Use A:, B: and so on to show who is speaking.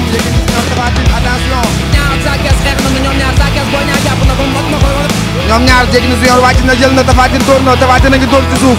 A: mną Biegiem a nas no Niarca, kes, herno, ñoom sa kes boo ñaar jàpp na ko mot na ko
B: ñoom ñaar jéggi na si yoon wàcc jël na Tapha Tine dóor na Tapha Tine suuf